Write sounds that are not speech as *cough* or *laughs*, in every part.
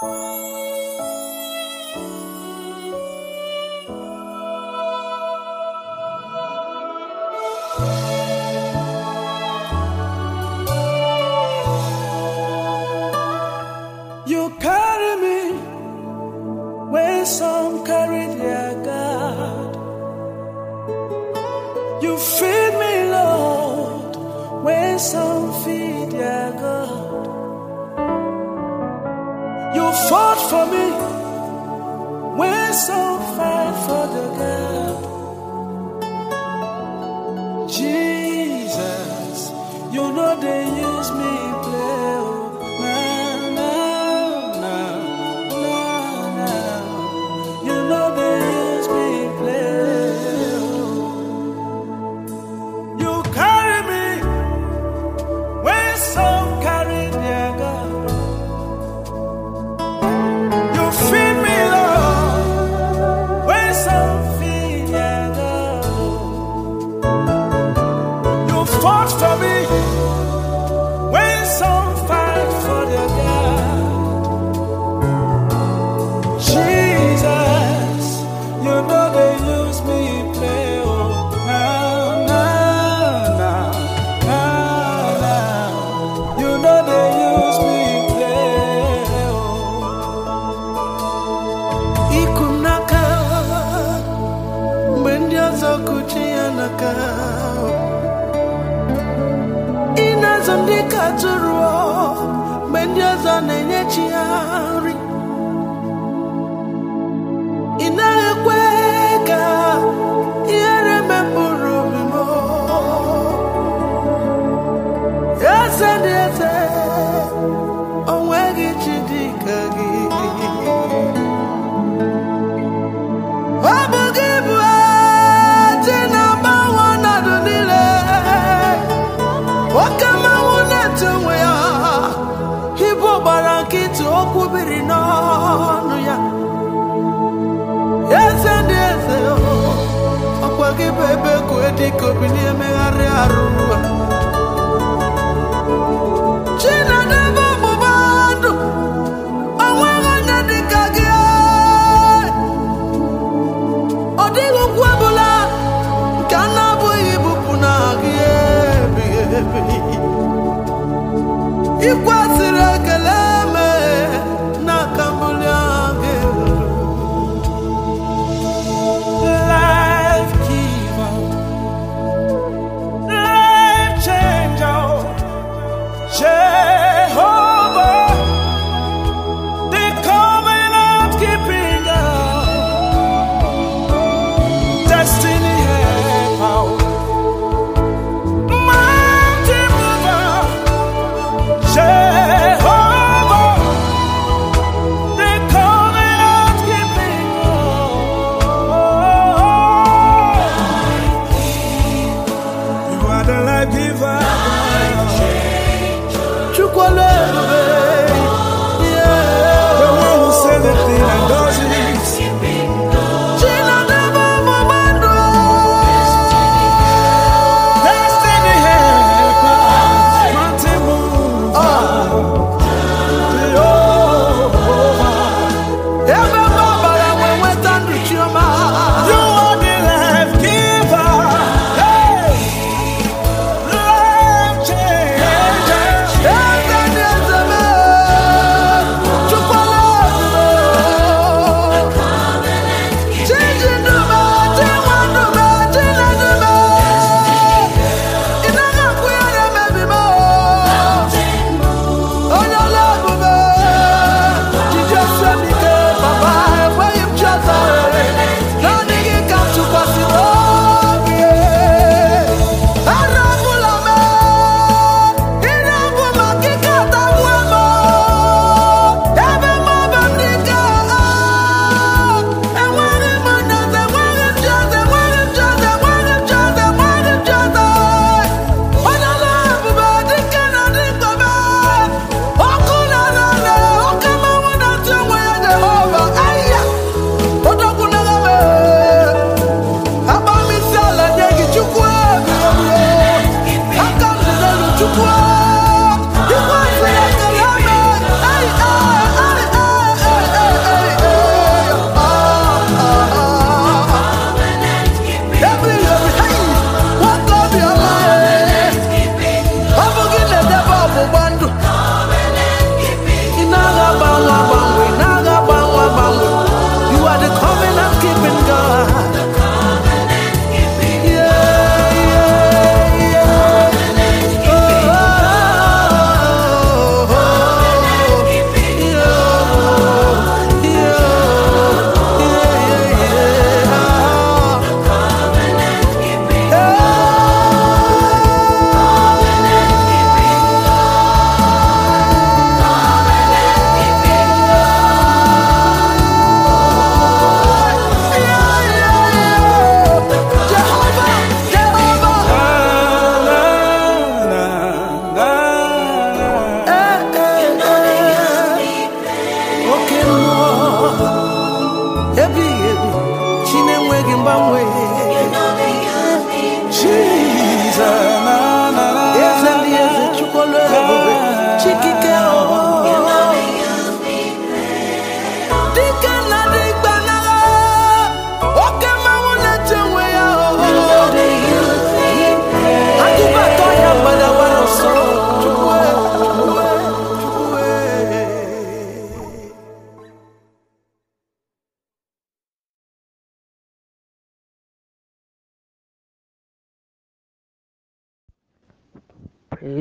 Oh. Ị na-azụ ndị ka tụrụ mgbe ndị ọzọ na-enye chi ha nri diko binie me arre arua China dava mubandu Awaga nyadika gie Odigo kwabula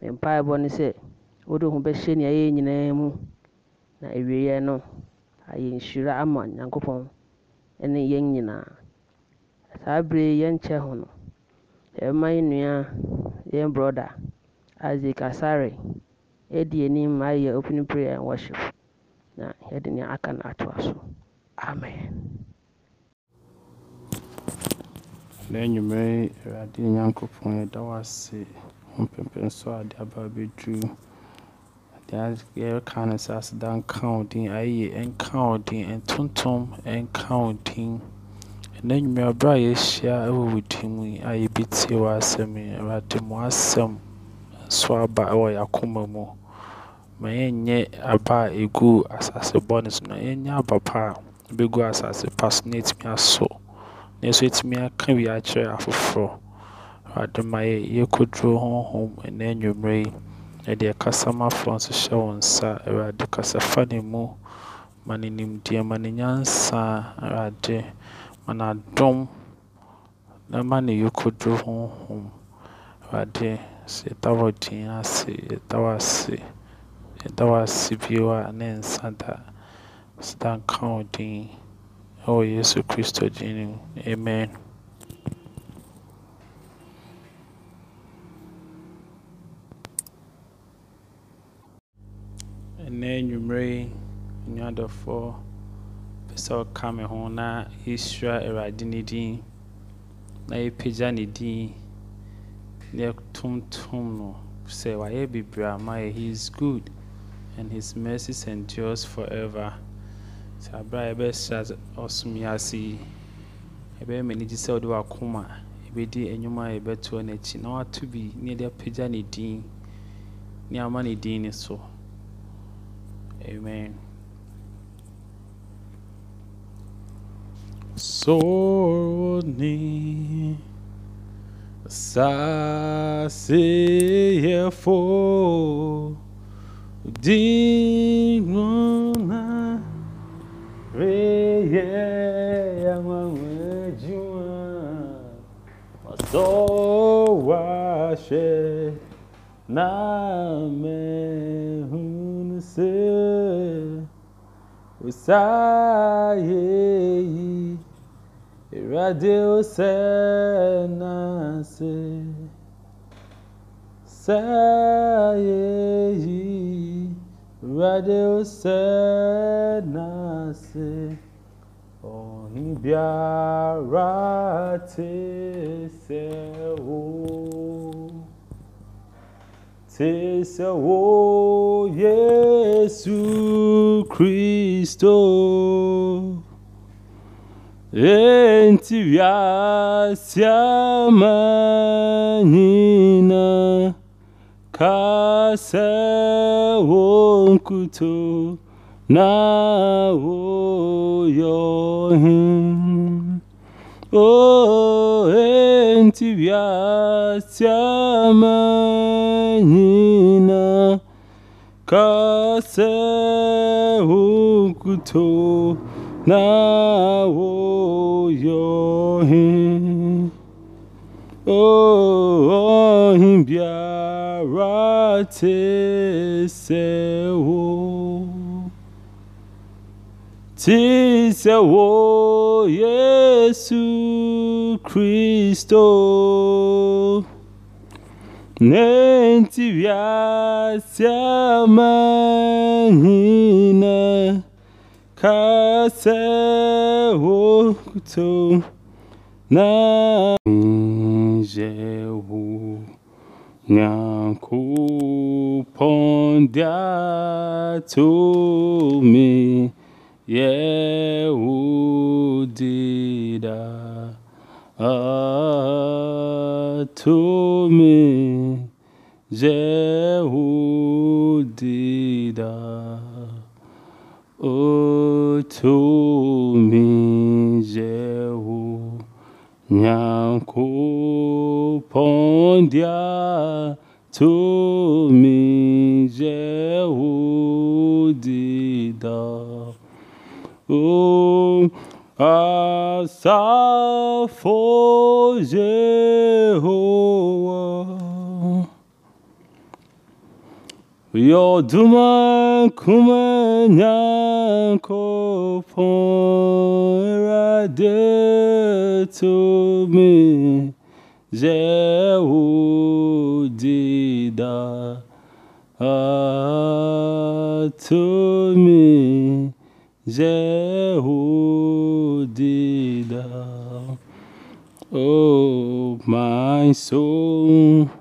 Me mpaeɛbɔ ne sɛ wode wo ho bɛhyɛ nea ɛyɛ nyinaa mu na awieeɛ no ayɛ nhyira ama Onyankopɔn ne yɛn nyinaa. Saa abiri ya yɛnkyɛ ho no, yɛbɛma ya nua, yɛn brɔda Isaac Asare adi anim ayɛ opening prayer and worship, na yɛde nea aka no atoa so. Amen. na enyimere awurade nyankopɔn yɛda wo ase mpɛmpɛ nso a ade aba abɛduru deɛ yɛreka no sɛ aseda nka wo din ayɛ nka wo din ntontom nka wo din ɛna nnwumere berɛ a yɛahyia wɔ wo din mu yi a yɛbɛtie w'asɛm yi awurade mu asɛm nso aba wɔ yɛakoma mu ma yɛnyɛ aba a ɛgu asase bɔne so na yɛnyɛ aba pa a ɛbɛgu asase pa so na ɛtumi aso na ɛso ɛtumi aka wie akyerɛ afoforɔ Awurade ma yɛkɔduro honhom ɛnɛ anwummerɛ yi ɛde ɛkasamafoɔ nso hyɛ wo nsa Awurade kasa fa ne mu ma ne nimdeɛ ma ne nyansa Awurade ma no na ma ne yɛkɔduro honhom Awurade sɛ yɛda wɔ din ase yɛda wɔ ase yɛda wɔ ase bio a ne nsa da sɛ da nka wo din ɛwɔ Yesu Kristo din no amen ɛnɛ nnwummerɛ yi nnuadɔfoɔ pɛ ɔka me ho na yɛhyira awurade ne din na yɛpagya ne din na yɛtontom no sɛ wayɛ bebree ama yɛ he is good and his mercy endures forever sɛ aberɛ a yɛbɛhyira ɔsomi ase yi ɛbɛyɛ m'ani gye sɛ wode wakoma ɛbɛdi nnwuma a yɛbɛtoɔ n'akyi na wato bi ne yɛde apagya ne din ne ama ne din ne so Amen. Sorni saciefo digno na reye amamediwa masoa na mehunse sáàyè yìí ìrádé ó sẹ́ẹ̀nà ṣe sáàyè yìí ìrádé ó sẹ́ẹ̀nà ṣe òhìn bí ara tẹ̀sẹ̀ o. Sesa wo Yesu Kristo Enti vyasya manina o wonkuto na wo yohin O enti vyasya manina hina kaseukuto na oyohi ohin biara tesewo wo, yesu kristo. Nenti vyasya manina kase wokuto na njewu nyaku pondia tumi ye udida a tumi o Yehudida. Otumi Jehu Nyankopondia Tumi Jehudida. O um, Asafo Jehovah Yo duma kuma nyanko pora de to me je udida to me je udida oh my soul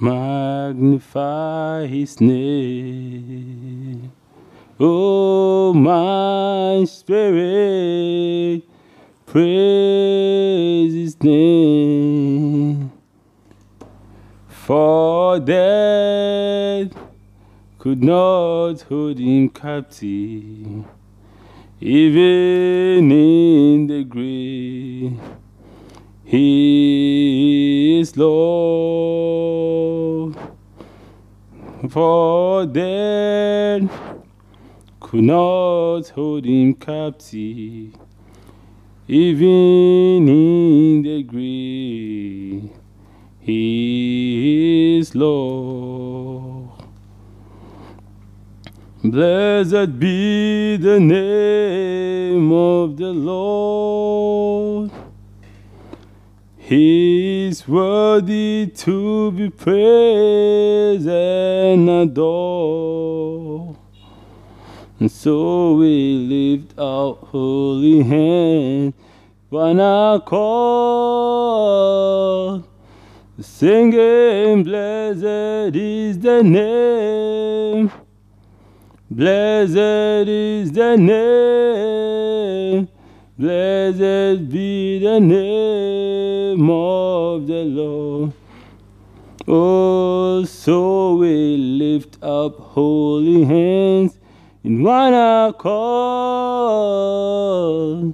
Magnify his name. Oh, my spirit, praise his name. For death could not hold him captive, even in the grave. He is Lord, for then could not hold him captive, even in the grave. He is Lord. Blessed be the name of the Lord. He is worthy to be praised and adored. And so we lift our holy hand when I call, singing, Blessed is the name, blessed is the name Blessed be the name of the Lord. Oh, so we lift up holy hands in one accord,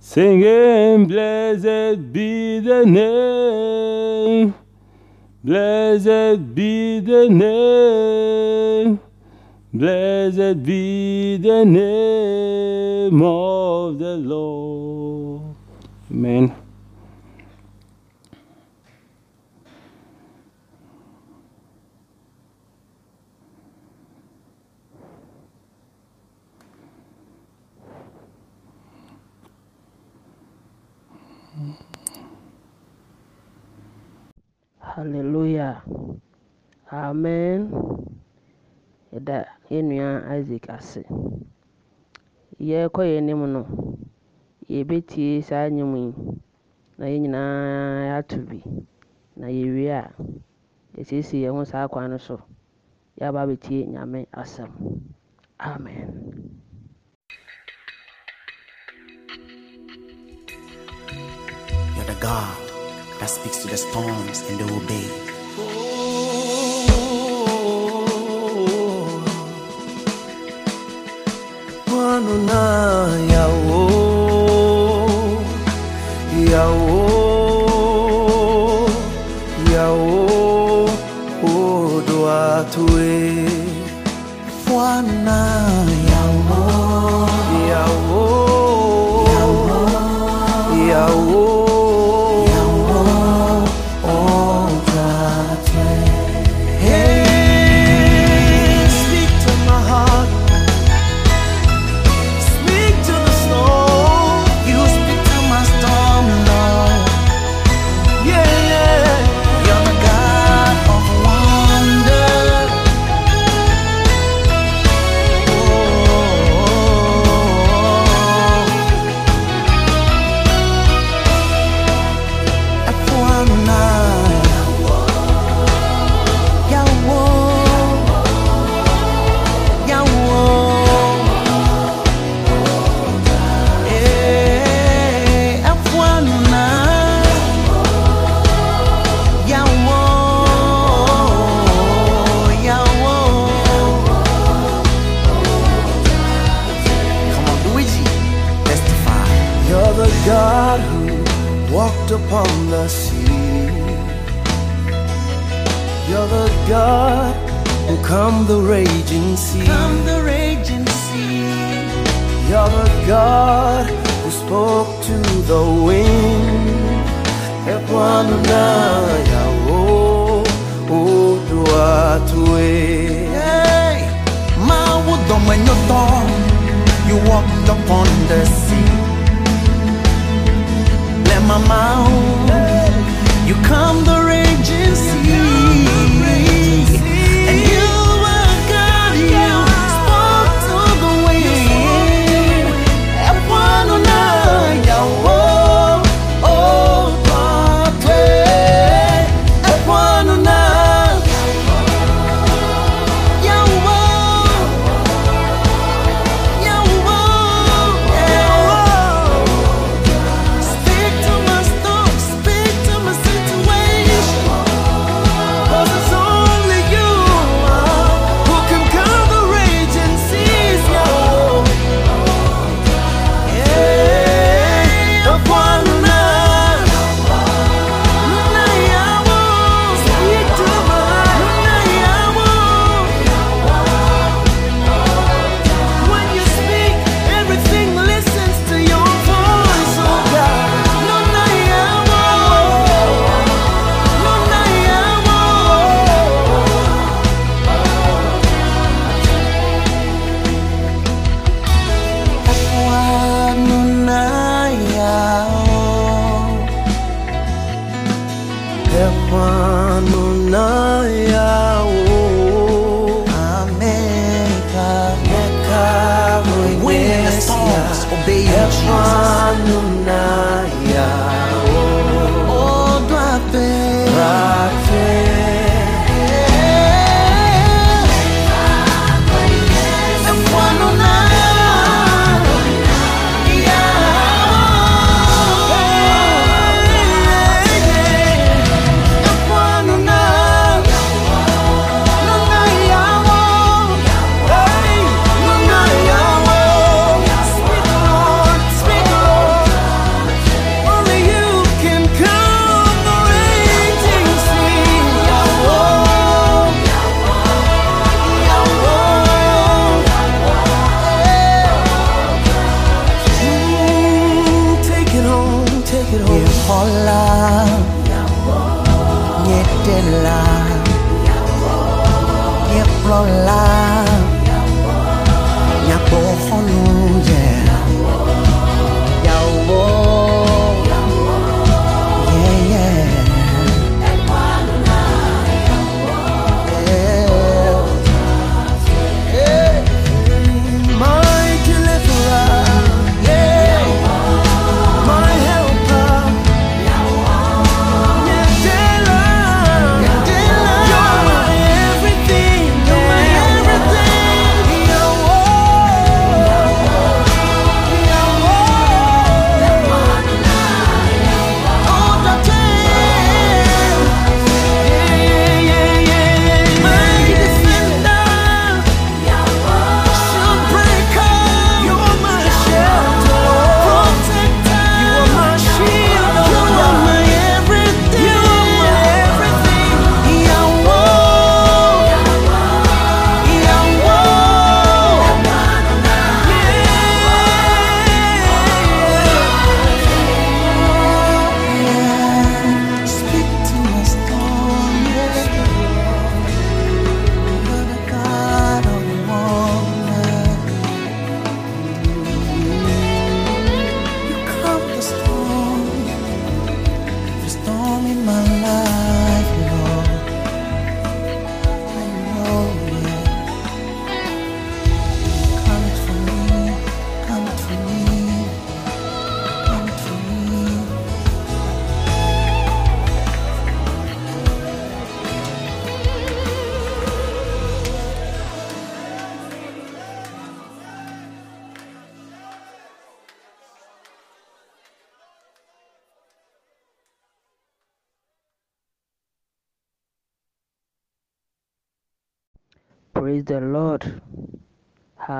singing, Blessed be the name, blessed be the name Blessed be the name of the Lord. Amen. Hallelujah. Amen. That yɛn nua Isaac ase yɛrekɔ yɛn anim no yɛbɛtie saa nnwom yi na yɛn nyinaa ato bi na yɛwie a yɛsiesie yɛn ho saa kwan no so yɛaba abɛtie nyame asɛm amen You're the God that speaks to the storms and they obey. ano na yawo yawo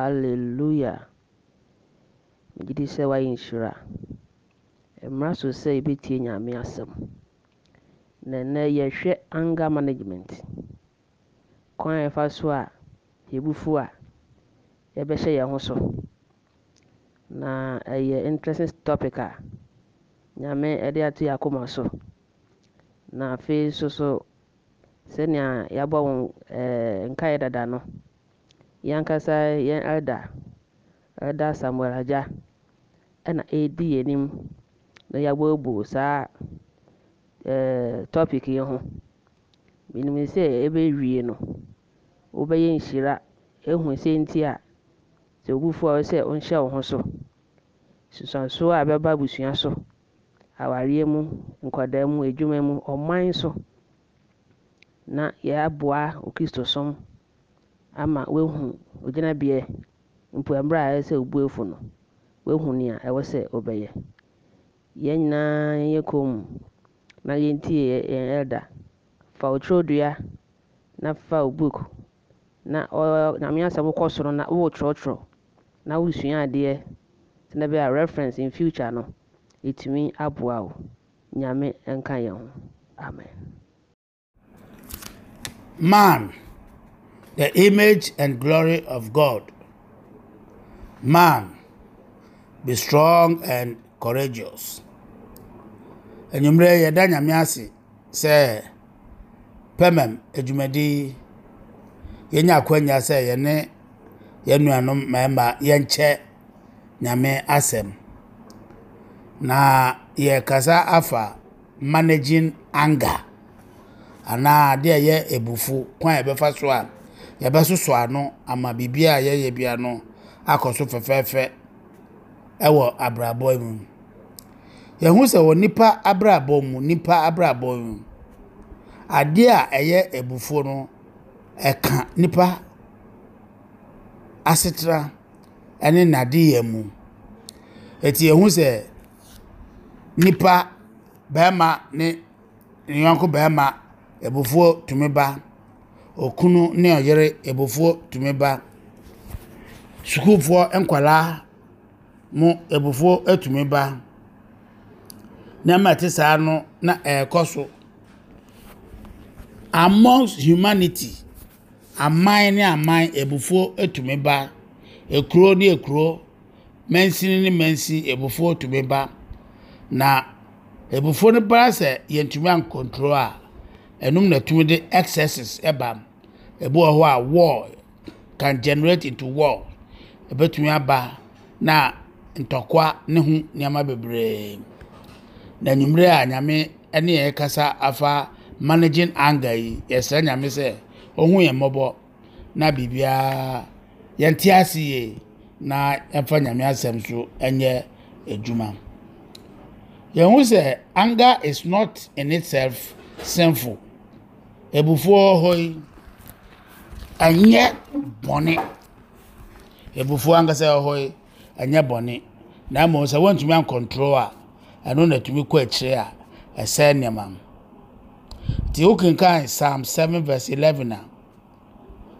Hallelujah! Megye di sɛ wayɛ nhyira. Mmara so sɛ yɛbɛtie Nyame asɛm. Na nnɛ yɛrehwɛ anger management. Kwan a yɛfa so a yɛbufuo a yɛbɛhyɛ yɛn ho so. Na ɛyɛ interesting topic a Nyame de ato yɛn akoma so. Na afei nso so sɛnea yɛabɔ wo ɛɛ nkaeɛ dada no. yan kasa yɛn elda elda samuel agya ɛna ɛredi yɛn anim na yɛaboaboa saa eh, ɛɛɛ topic yi ho menim ebe ɛbɛwie no wobɛyɛ nhyira ehu sɛ nti a sɛ obi foɔ a sɛ ɔnhyɛ ho so nsusuansoɔ a ɛbɛba abusua so awareɛ mu nkwadaa e mu edwuma e mu ɔman so na yɛaboa som. ama woahu ogyinabea mpo mmerɛ a ɛsɛ sɛ obu efu no wehu nea ɛwɔ sɛ wobɛyɛ yɛn nyinaa yɛnyɛ kɔn mu na yɛntie yɛn elder fa wo twerɛdua na fa wo book na ɔɔ nyame asɛm wokɔ soro na woretwerɛtwerɛ na wosua adeɛ sɛnɛ bɛyɛ a reference in future no ɛtumi aboa wo nyame nka yɛn ho amen man the image and glory of God. Man, be strong and courageous. enyimire yɛda nyame ase sɛ pɛmɛm adwumadi yɛnya akwanya sɛ yɛne yɛn nuanom mmarima yenche nyame asem na kasa afa managing anger ana adeɛ ɛyɛ ebufu kwan a yɛbɛfa so a yɛbɛsoso ano ama biribi a yɛyɛ bia no akɔ so fɛfɛɛfɛ ɛwɔ abrabɔ mu yɛho sɛ wɔ nipa abrabɔ mu nipa abrabɔ mu adeɛ a ɛyɛ ebufuo no ɛka nipa asetena ɛne nadeɛ mu eti yɛho sɛ nipa bɛrima ne ne yɔnko bɛrima ebufuo tumi ba. okunu ne ɔyere abufuo tumi ba sukuufoɔ nkwadaa mo abufuo nneema ba nneɛma ɛte saa no na ɛrekɔ so amongst humanity aman ne aman ebufuo atumi ba ekuro ne ekuro mɛnsini ne mɛnsini ebufuo atumi ba na ebufuo no ba sɛ yɛntumi ankontrol a ɛnum na tumi de excesses ɛba mu. ebi wɔ a war can generate into war ebetumi aba na ntɔkwa ne ho nneɛma bebree na enyimire a nyame ɛne yɛn kasa afa managing anger yi yɛsrɛ nyame sɛ ɔho yɛn mmɔbɔ na biribiara yɛn ase yie na yɛmfa nyame asɛm so ɛnyɛ adwuma yɛn sɛ anger is not in itself sinful ebufuo hɔ yi. ɛnyɛ bɔne ebufuo ankasa wɔ hɔ yi ɛnyɛ bɔne na mmom sɛ wɔntumi ankɔntrol a ɛno na tumi kɔ akyire a ɛsɛɛ nneɛma mu nti wokenkan psalm seven verse eleven a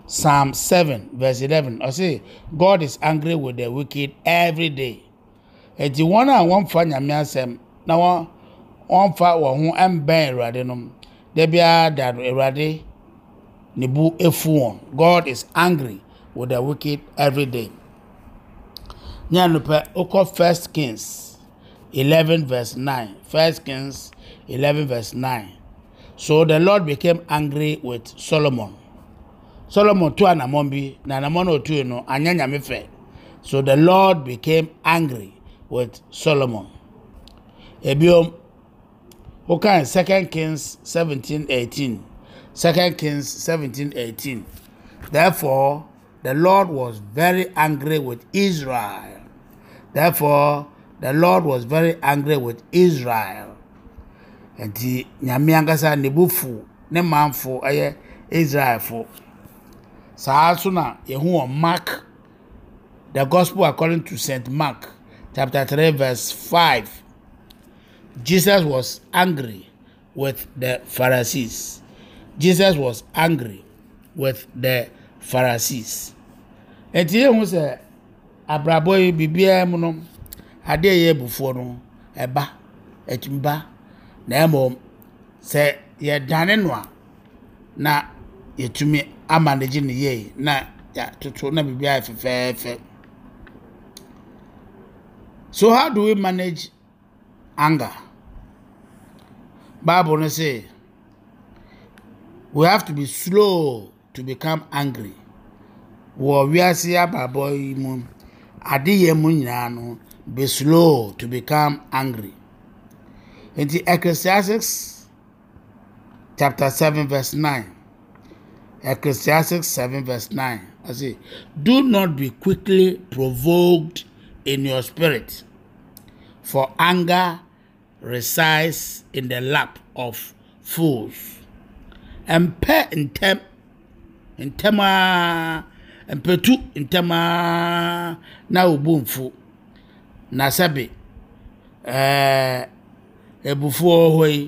psalm seven verse eleven ɔsi god is angry with the wicked every day eti wɔn a wɔnfa nyame asɛm na wɔn wɔnfa wɔn ho ɛmbɛn awurade nom debia da do awurade. Nebu efu wɔn god is angry with the wicked every day ní ànúpẹ okọ first kings eleven verse nine first kings eleven verse nine so the lord became angry with solomon solomon tu ànàmọ́ bi na ànàmọ́ náà tó yìí no anyá nyàmé fẹ́ so the lord became angry with solomon ebiom okan second kings seventeen eighteen. Second Kings 17 18. Therefore, the Lord was very angry with Israel. Therefore, the Lord was very angry with Israel. And the ankasa ne bo fu ne manfo ɛyɛ Israelfo. Saa so na Mark, the gospel according to St. Mark, chapter 3, verse 5. Jesus was angry with the Pharisees. jesus was angry with the pharisees ɛti ehu sɛ abrabɔ yi biribiara mu no adeɛ yɛ ebufuo no ɛba ɛtum ba na mmom sɛ yɛdane no a na yɛtumi ama ne gye ne yie na yɛatoto na biribiara fɛfɛɛfɛ so how do we manage anger bible no say. We have to be slow to become angry. Wɔ wiase ababɔ yi mu, adeyɛ mu nyinaa no, be slow to become angry. Nti Ecclesiastics chapter 7 verse 9. Ecclesiastics 7 verse 9. I say, Do not be quickly provoked in your spirit, for anger resides in the lap of fools. mpɛ ntɛm ntɛm aa mpɛtu ntɛm aa na obu mfu na sɛbi ɛɛ ebufuo hɔ yi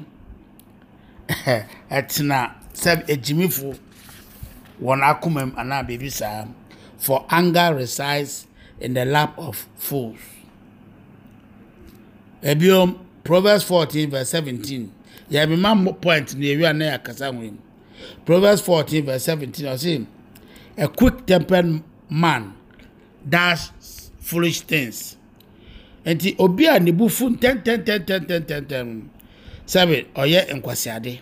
*laughs* ɛtena sɛbi egyimifoɔ wɔn akoma mu anaa beebi saa for anger resides in the lap of fools. ebiom proverbs fourteen verse seventeen yɛ bi ma point na ewia na yɛ akasa wɔn mu. Proverbs 14, verse 17, I see, a quick tempered man does foolish things. Nti obi a ne bu ten ten ten ten ten ten ten Seven. Oye nkwasiade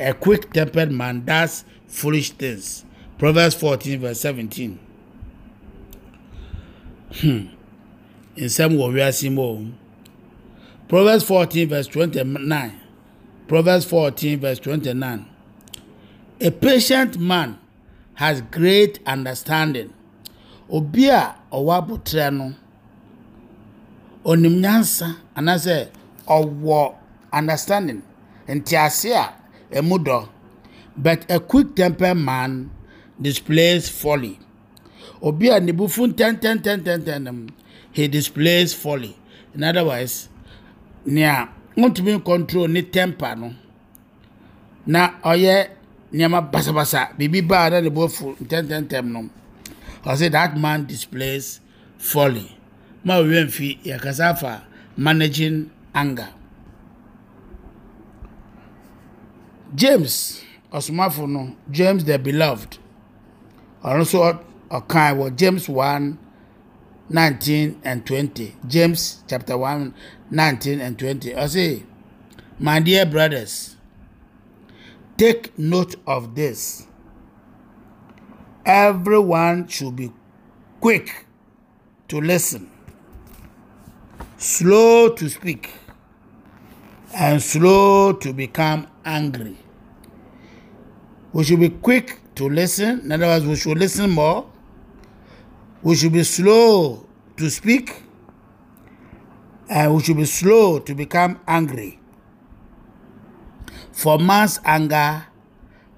a quick tempered man does foolish things Proverbs fourteen verse seventeen hmm nsɛm wɔ wiase mu more. Proverbs fourteen verse twenty nine Proverbs fourteen verse twenty nine a patient man has great understanding obi a ɔwɔ abotire no onim nyansa anaasɛ ɔwɔ understanding ntease a ɛmu dɔ but a quick tempered man displays folly obi a ne ten ten mu he displays folly in other words nea ntumi control ne temper no na ɔyɛ nneɛma basabasa biribi baa na ne bo afu ntɛmtɛmtɛm no ɔsɛ that man displays folly ma owia mfi yɛkasa afa managing anger james ɔsomafo no james the beloved ɔno nso ɔkan wɔ james 1 19 and 20 james chapter 1 19 and 20 ɔse my dear brothers Take note of this. Everyone should be quick to listen, slow to speak, and slow to become angry. We should be quick to listen. In other words, we should listen more. We should be slow to speak. And we should be slow to become angry. For man's anger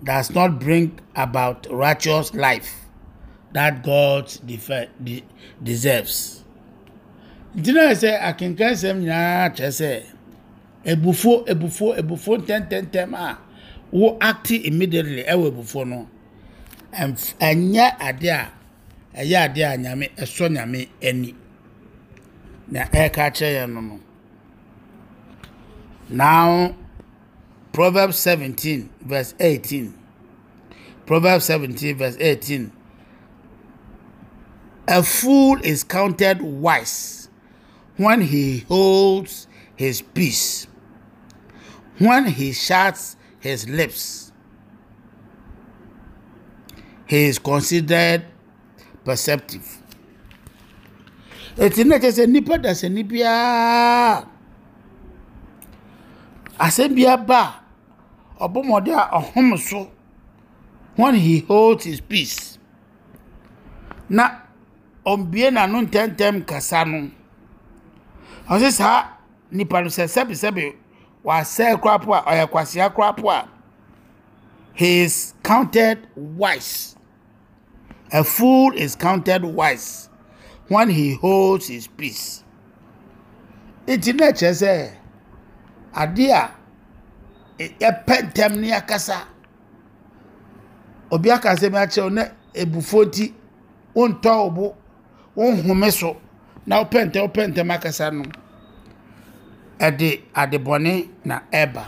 does not bring about righteous life that God de deserves. Nti na sɛ akenkan sɛm nyinaa kyerɛ sɛ ebufuo ebufuo ebufuo ntɛmtɛmtɛm a wo acti immediately ɛwɔ ebufuo no ɛnyɛ adeɛ a ɛyɛ adeɛ a nyame ɛsɔ nyame ani na ɛreka kyerɛ yɛn no no now Proverbs 17, verse 18. Proverbs 17, verse 18. A fool is counted wise when he holds his peace, when he shuts his lips. He is considered perceptive. Ɛti na kyerɛ sɛ nipa dasani biara asɛm biara ba ọbụ mmọdụ a ọhụm so when he holds his peace na ọmbie n'ano ntɛntɛm kasa no ɔsɛ saa nipa no sɛ sɛbisɛbi wasɛɛ korapo a ɔyɛ kwasia korapo a he is counted wise a fool is counted wise when he holds his peace nti na kyerɛ sɛ adeɛ a. E, yɛpɛ ntɛm ne yɛkasa obi aka asɛm akyerɛw na ebufuo nti wontɔ wo bo wonhome so na wopɛ ntɛm wopɛ ntɛm akasa no ɛde adebɔne na ɛba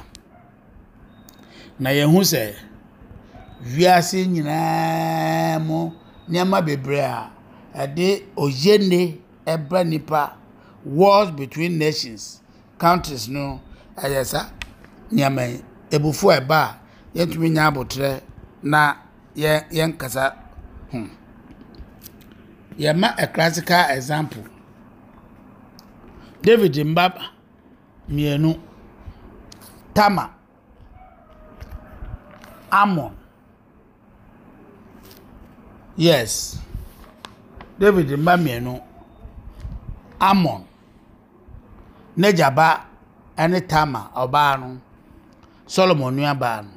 na yɛhu sɛ wiase nyinaa mu nneɛma bebree a ɛde oyene ɛbrɛ nipa wars between nations countries no ɛyɛ saa nneɛma ebufu eba a ɛba a yɛntumi nya abotire na yɛ yɛnkasa ho hmm. yɛma a classical example david mba mmienu tama amon yes david mba mmienu amon n'agyaba ne tama ɔbaa no. solomon nuabaa no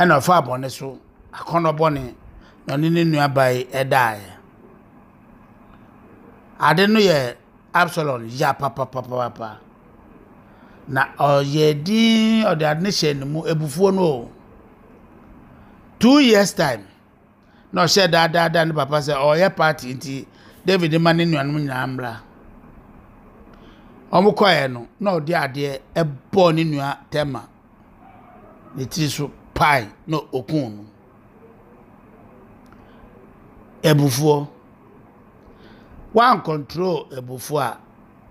ɛna ɔfa abɔne so akɔnɔbɔne na ɔne ne nuabaa yi ɛdaeɛ ade no yɛ absalom ya papapapapa na ɔyɛ din ɔde ade no hyɛ ne mu ebufuo no o two years time na ɔhyɛ daadaadaa ne papa sɛ ɔyɛ party nti david ma ne nuanom nyinaa mmra wɔn kɔɛ no na ɔde adeɛ ɛbɔ ne nua tɛma ne tiri so pae na okun no ebufuo one control ebufuo a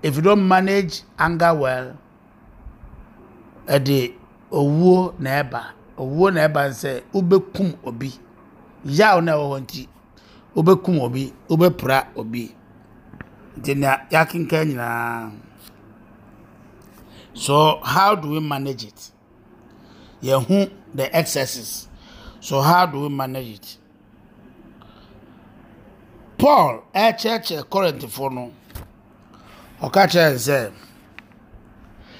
if you don't manage anger well ɛde owuo na ɛba owuo na ɛba nsɛ wobɛkum obi yaw na ɛwɔ hɔ nti wobɛkum obi wobɛpra obi nti nea yɛakenka nyinaa So how do we manage it? Yehu the excesses. So how do we manage it? Paul ɛkyerɛkyerɛ kɔrɛntifoɔ no ɔka kyerɛ nsɛ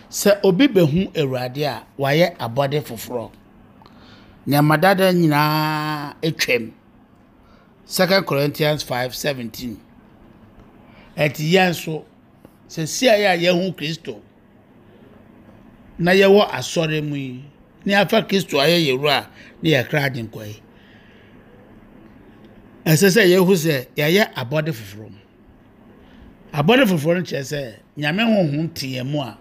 sɛ obi bɛhu awurade a wayɛ abɔde foforɔ nneɛma dada nyinaa atwam second corinthians five seventeen ɛti yɛn nso sɛ si a yɛ a kristo. na yɛwɔ asɔre mu yi na yɛafa kristo ayɛ yɛwura a na yɛkra adi nkɔ yi ɛsɛ sɛ yɛhu sɛ yɛayɛ abɔde foforɔ mu abɔde foforɔ no kyerɛ sɛ nyame honhom te yɛn mu a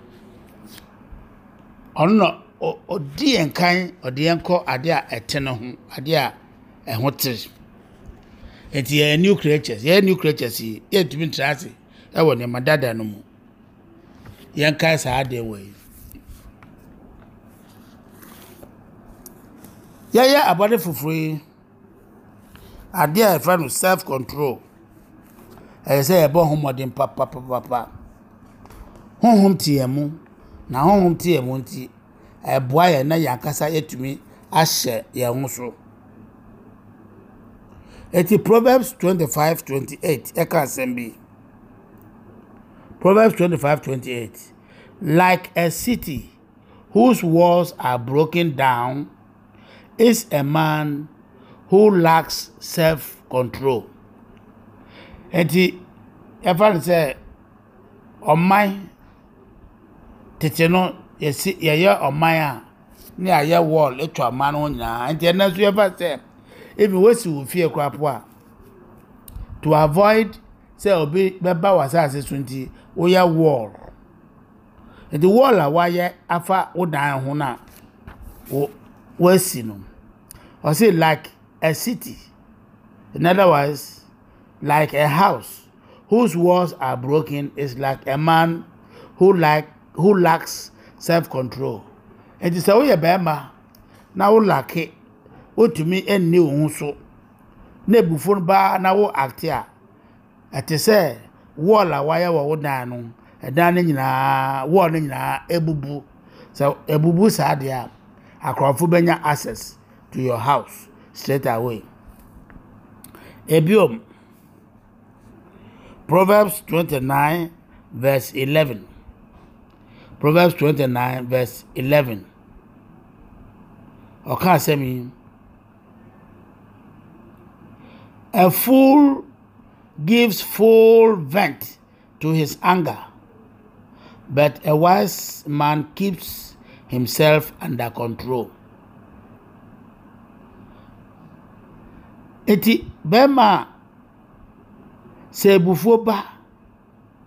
ɔno na ɔdi yɛn kan ɔde yɛn kɔ adeɛ a ɛte ne ho adeɛ a ɛho tere nti yɛyɛ new creatures yɛyɛ new creatures yi yɛntumi ntena ase ɛwɔ nneɛma dada no mu yɛnkae saa adeɛ wɔ yi yɛyɛ abɔde foforɔ yi adeɛ a yɛfrɛ no self control ɛyɛ sɛ yɛbɔ ho mmɔden papapapapa honhom te yɛn mu na honhom te yɛn mu nti ɛboa yɛn na yɛn ankasa yɛtumi ahyɛ yɛn ho so eti proverbs twenty five twenty eight ɛka asɛm bi proverbs twenty five twenty eight like a city whose walls are broken down is a man who lacks self control eti yɛfa no sɛ ɔman tete no yɛsi yɛyɛ ɔman a ne ayɛ wall atwa ɔman no ho nyinaa nti ɛna nso yɛfa sɛ ebi wosi wo fie kora po a to avoid sɛ obi bɛba w'asase so nti woyɛ wall nti wall a wayɛ afa wo dan ho no a west no or say like a city in other words like a house whose walls are broken is like a man who like who lacks self control nti sɛ woyɛ bɛrima na wo lake wotumi nni wo ho so na ebufo no baa na wo ate a ɛte sɛ wɔɔl a wayɛ wɔ wo dan no ɛdan no nyinaa wɔɔl no nyinaa ebubu sɛ ebubu saa deɛ a. akorɔfo bɛnya access to your house straight away ebiom proverbs twenty nine verse eleven proverbs twenty nine verse eleven ɔka asɛm a fool gives full vent to his anger but a wise man keeps. himself under control eti bɛrima a sɛ ebufuo ba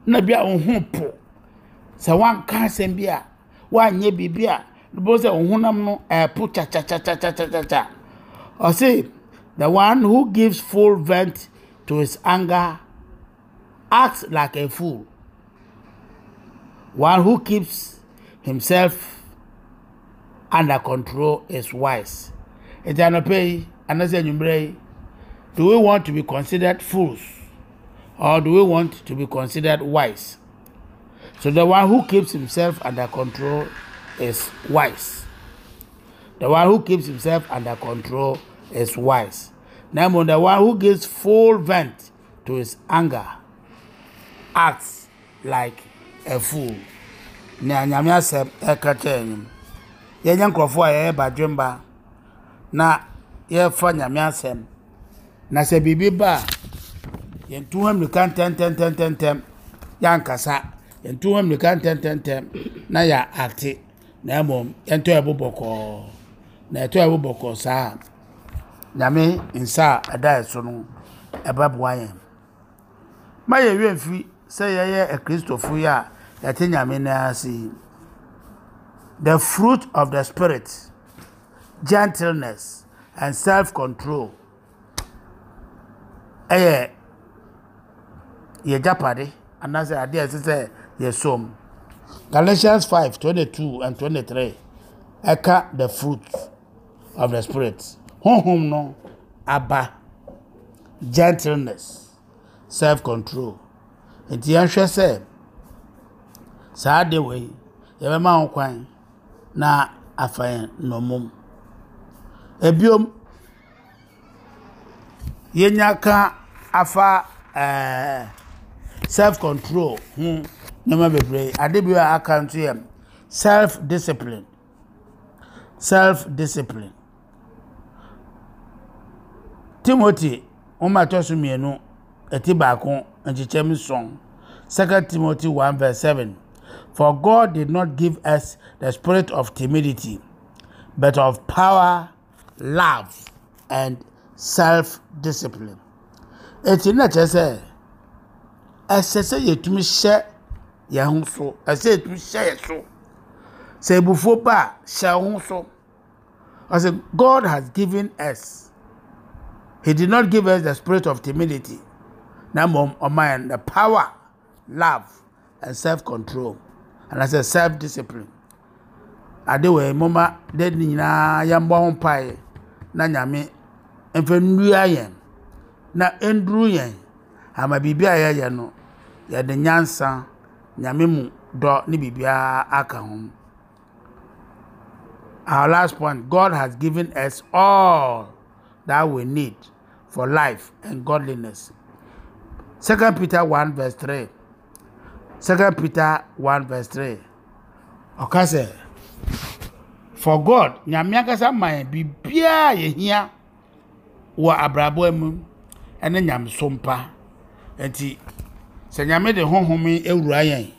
na bi a ohun po sɛ wanka asɛm bi a wanyɛ biribi a bó sɛ ohun nam no ɛpo kyakyakyakyakyakya ɔsi the one who gives full vent to his anger acts like a fool one who keeps himself. under control is wise. Nti anɔpɛ yi anase do we want to be considered fools or do we want to be considered wise? So the one who keeps himself under control is wise. The one who keeps himself under control is wise. Now, the one who gives full vent to his anger acts like a fool. Na nyame asɛm ɛka yɛnyɛ nkurɔfoɔ a yɛyɛ badwemba na yɛfa nyame asɛm na sɛ biribi ba a yɛntu hɔ mmirika ntɛmtɛmtɛmtɛm yɛankasa yɛntu hɔ mmirika ntɛmtɛmtɛm na yɛ akte na mmom yɛntɔ yɛ bobɔkɔɔ na yɛtɔ yɛ bobɔkɔɔ saa nyame nsa a ɛda yɛ so no ɛbɛboa yɛn ma yɛwie mfi sɛ yɛyɛ akristofoɔ yi a yɛte nyame no ase yi The fruit of the Spirit, gentleness and self-control. Ɛyɛ yɛgyapade anaasɛ adeɛ a ɛsɛ sɛ yɛsom. Galatians five twenty two and twenty three ɛka the fruit of the Spirit. Honhom no aba gentleness self-control. Nti yɛnhwɛ sɛ saa adeɛ wɔ yi yɛbɛma ho kwan na afa yɛn nɔmom ebiom yɛnya ka afa ɛɛ self control ho nneɛma bebree ade bi a aka nso yɛ self discipline self discipline timothy nwoma ɛtɔ so mmienu ɛti baako nkyekyɛm sɔn second timothy one verse seven. For God did not give us the spirit of timidity, but of power, love, and self discipline. Eti na kyerɛ sɛ ɛsɛ sɛ yɛtumi hyɛ yɛn ho so ɛsɛ yɛtumi hyɛ yɛn so sɛ ebufuo ba a hyɛ ho so ɔsɛ God has given us he did not give us the spirit of timidity na mmom ɔma the power love and self control. anaasɛ self discipline ade wɔ mmoma de ne nyinaa yɛmbɔ ho mpaeɛ na nyame mfa nnua yɛn na nduru yɛn ama biribi a yɛyɛ no yɛde nyansa nyame mu dɔ ne biribiara aka ho our last point god has given us all that we need for life and godliness second peter one verse three. Second Peter one verse three. Ọka sɛ, for God, nyame ankasa ma yɛn biribiara yɛhia wɔ abrabɔ mu ne nyamesom pa. Nti, sɛ nyame de honhom yi awura yɛn,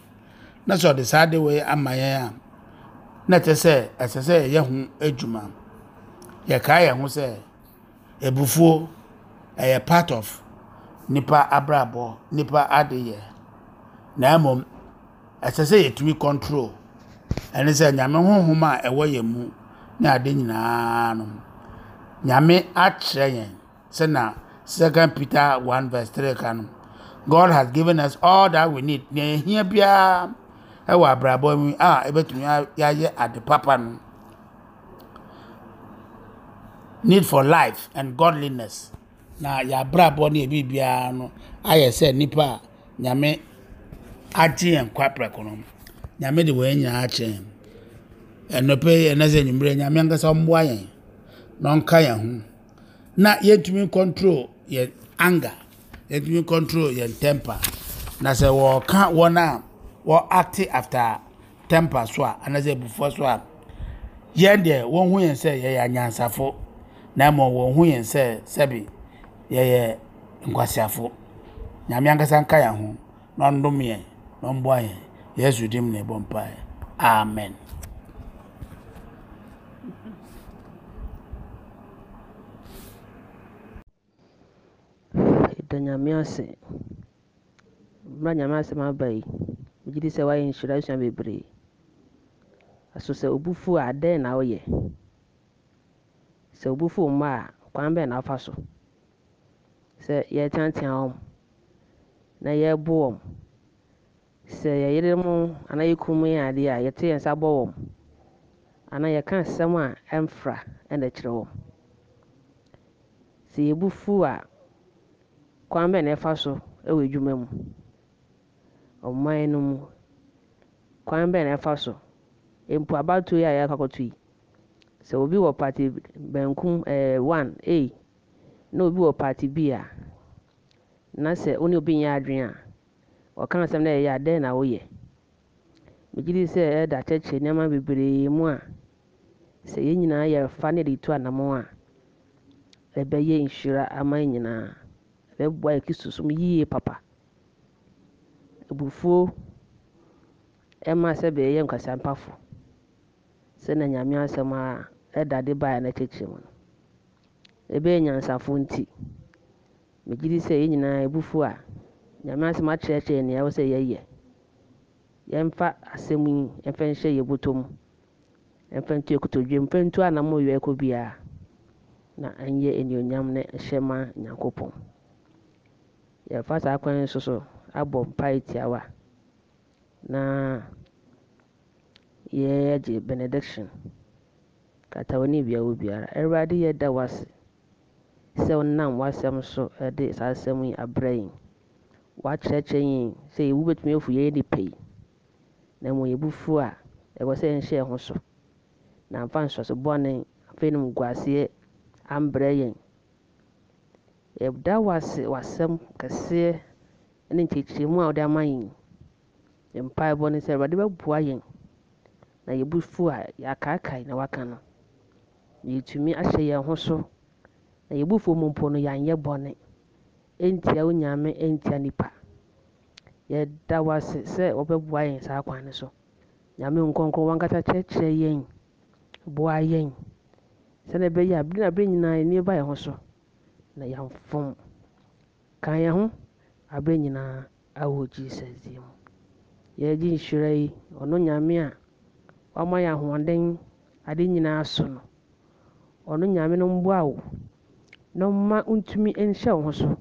na sɛ ɔde saa de wei ama yɛn a, na ɛkyɛ sɛ ɛsɛ sɛ yɛyɛ ho adwuma. Yɛkae yɛn ho sɛ, abufuo ɛyɛ part of nipa abrabɔ, nipa adeyɛ na mmom ɛsɛ sɛ yɛtumi control ɛne sɛ nyame honhom a ɛwɔ yɛn mu ne ade nyinaa no nyame akyerɛ yɛn sɛna second peter one verse three ka no god has given us all that we need nea yɛhia biara ɛwɔ abrabɔ mu a ɛbɛtumi yɛayɛ ade papa no need for life and godliness na yɛabrabɔ ne yɛ biribiara no ayɛ sɛ Nipa. a nyame akye yɛn kwa nyame de wɔn nyinaa yi nyame yɛn na ɔnka yɛn ho na yɛntumi control yɛn anger yɛntumi control yɛn na sɛ wɔɔka wɔn a wɔate after temper so a anasɛ ebufoɔ so a yɛn deɛ wɔn ho yɛn sɛ yɛyɛ anyansafo na mmɔ wɔn ho yɛn sɛ sɛbi yɛyɛ nkwasiafo nyame nkasa nka yɛn ho na na mgbọ anyị yezu di m na ebo mpa anyị amen da nyame ase mmra nyame asɛm aba yi megye di sɛ woayɛ nhyira asua bebree ɛso sɛ obufuo a dɛn na woyɛ sɛ obufuo mma a kwan bɛn na wofa so sɛ yɛteatea wɔm na yɛbo wɔm sɛ mu anaa yɛkum yɛn adeɛ a yɛte yɛn nsa bɔ wɔn anaa yɛka asɛm a ɛmfra ɛna ɛkyerɛ wɔn sɛ yɛbu fuw a kwan bɛn na ɛfa so ɛwɔ adwuma mu ɔman no mu kwan bɛn na ɛfa so mpo abatoɔ yi a yɛakɔ akɔto yi sɛ obi wɔ party bankum ɛɛ eh, one a na obi wɔ party b a na sɛ ɔne obi nyɛ adwene a ɔka asɛm no ɛyɛ a dɛn na woyɛ megye di sɛ ɛda kyerɛkyerɛ nneɛma bebree mu a sɛ yɛn nyinaa yɛ fa ne de tu anammɔn a ɛbɛyɛ nhyira ama yɛn nyinaa ɛbɛboa yɛ kristo som yie papa abufuo ɛma sɛ bɛyɛ nkwasampafo sɛna nyame asɛm a ɛda de baeɛ no kyerɛkyerɛ mu no ɛbɛyɛ nyansafo nti megye di sɛ yɛn nyinaa abufuo a nyame ase makyerɛkyerɛ nea ɛwɔ sɛ yɛyɛ yɛmfa asɛm yi yɛmfa nhyɛ yɛ bɔtɔ mu yɛmfa ntu akotodwe mfa ntu anam yɛ ɛkɔ biara na ɛnyɛ anuonyam ne ɛhyɛ ma nyankopɔn yɛmfa saa kwan so so abɔ mpae tiawa na yɛgye benediction katawani bia wɔ biara awurade yɛda wo ase sɛ wonam w'asɛm so de saa asɛm yi abrɛ yɛn wɔakyerɛkyerɛ yɛn sɛ owu bɛtumi afu yɛn nnipa yi na mmom abufuo a ɛwɔ sɛ yɛnhyɛ yɛn so na amfa nhyɛso bɔne afei ne muguaseɛ ambrɛ yɛn yɛda wo ase w'asɛm kɛseɛ ne nkyerɛkyerɛmu a wode ama yɛn yi mpaebɔ ne sɛ awurade bɛboa yɛn na yɛbufuo a yɛakaakae na waka no yɛtumi ahyɛ yɛn ho so na yɛbufuo mu mpo no yɛanyɛ bɔne ɛntia wo nyame ɛntia nipa yɛda wo ase sɛ wɔbɛboa yɛn saa kwan no so nyame nkɔnkɔn wankasa kyerɛkyerɛ yɛn boa yɛn sɛne ɛbɛyɛ a bere na bere nyinaa yɛn ba yɛn ho so na yɛmfom ka yɛn ho abere nyinaa awɔ jesus din mu yɛagye nhyira yi ɔno nyame a wama yɛ ahoɔden ade nyinaa so no ɔno nyame no mboa wo na ɔmma ntumi nhyɛ wo ho so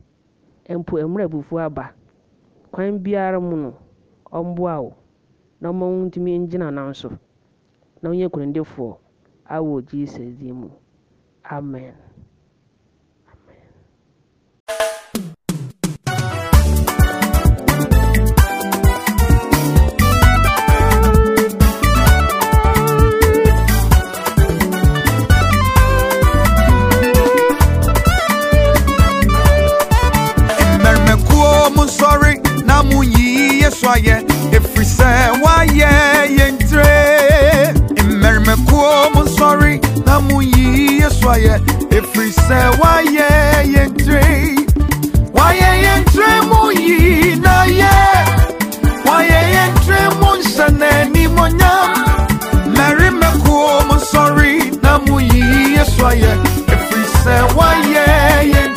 mpo mmerɛ abufuo aba kwan biara mu no ɔmmoa wo na ɔmma wo ntumi ngyina nan na wonyɛ kwandifoɔ a wɔ jesus din mu amen soye Efrise waye yentre Emeri me kuo mo sorry Na mu yiye soye Efrise waye yentre Waye yentre mu yi na ye yeah, yentre mu nsane ni mo nyam Meri me kuo mo sorry Na mu yiye soye Efrise waye yentre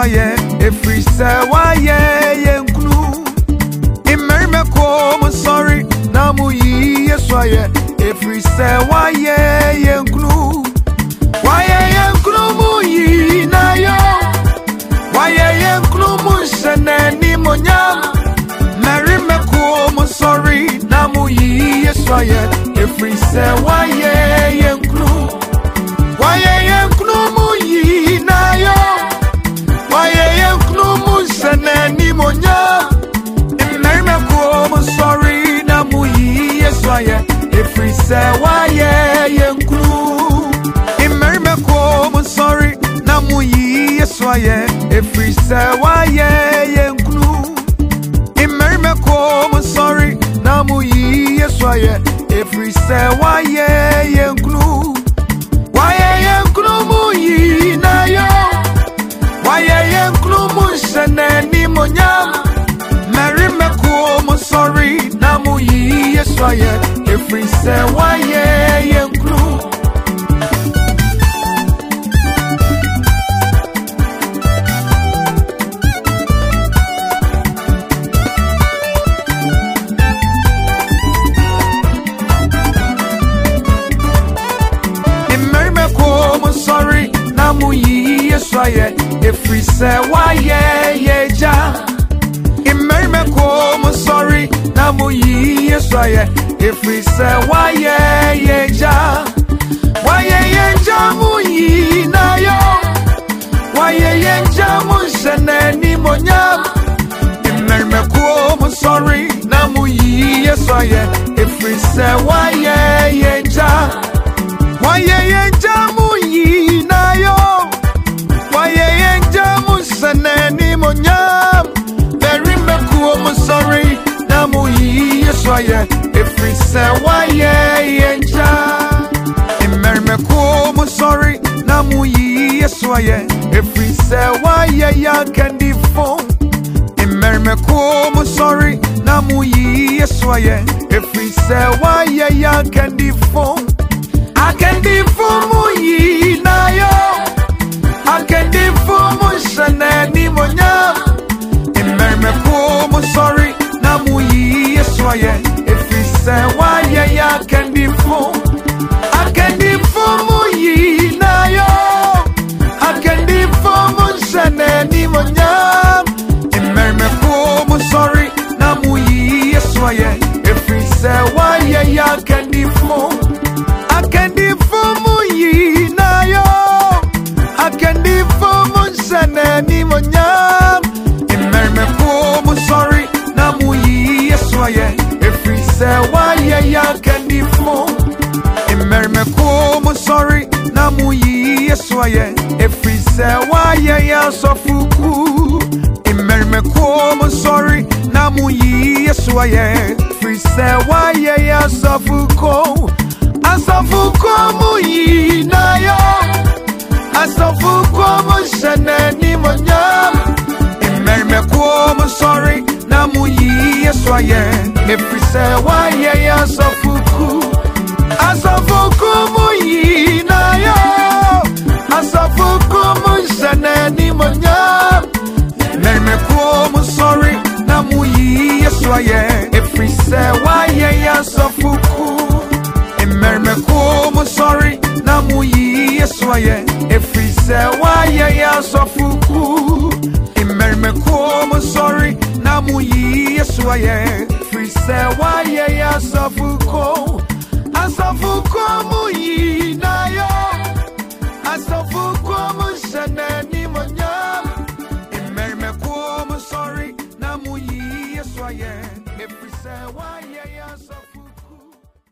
ɔyɛ ɛfiri sɛ woayɛ yɛ nkunu mmarima kɔ mo sɔre na mo yii yesu ayɛ ɛfiri sɛ woayɛ yɛ nkunu woayɛ yɛ nkunu mu yii na yɔ woayɛ yɛ nkunu mu nhyɛ n'animonyam mmarima kɔ mo sɔre na mo yii yesu ayɛ ɛfiri sɛ woayɛ yɛ nkunu woayɛ sɛ woayɛ yɛ nkunu mmarima kɔ mu nsɔre na mo yiye so ayɛ ɛfiri sɛ woayɛ yɛ nkunu mmarima kɔ mu nsɔre na mo yiye so ayɛ ɛfiri sɛ woayɛ yɛ nkunu woayɛ yɛ nkunu mu yi na yɔ woayɛ yɛ nkunu mu nhyɛ n'animonyam mmarima kɔ mu nsɔre na fire, every say why yeah, yeah. firi sɛ woayɛ yɛ gya woayɛ yɛ gya mu nyinayɔ woayɛ yɛ gya mu sɛ n'animonyam mɛremɛkuo mu sɔre na mo yiye so ayɛ ɛfiri sɛ woayɛ yɛ gya mɛremɛkuo mu sɔre na mo yiye so ayɛ ɛfiri sɛ woayɛ yankandifo mɛremɛkuo mu sɔre na mo yiye so ayɛ ya sɛ woayɛ yɛ akɛndifo akɛndifo mu yo, yinayɔ akɛndifo mu hyɛ n'animonyam mmerɛmɛfo mu sorry na mu ye. yiye soɔyɛ ɛfiri sɛ woayɛ yɛ akɛndifo akɛndifo mu yinayɔ akɛndifo mu hyɛ n'animonyam ayẹyẹ asọfuku ìmẹ̀rìmẹ̀kọ́ mo sọrí náà mo yí Yesu ayẹ fìsẹ̀ wá ayẹyẹ asọfuku asọfuku mo yí náyọ asọfuku mo ṣẹ̀nẹ̀ ní mo yá ìmẹ̀rìmẹ̀kọ́ mo sọrí náà mo yí Yesu ayẹ fìsẹ̀ wá ayẹyẹ asọfuku asọfuku mo yí náyọ asọfuku manyam na mekuo mu sɔre na mu yiyi yesu ayɛ efiri sɛ wayɛ yɛ asɔfoku mmeremekuo mu sɔre na mu yiyi yesu ayɛ efiri sɛ wayɛ yɛ asɔfoku mmeremekuo mu sɔre na mu yiyi yesu ayɛ efiri sɛ wayɛ yɛ asɔfoku asɔfoku mu yiyi na yɛ asɔfoku mu hyɛ n'anim ɔnyɛ. If we say why? yeah, yeah.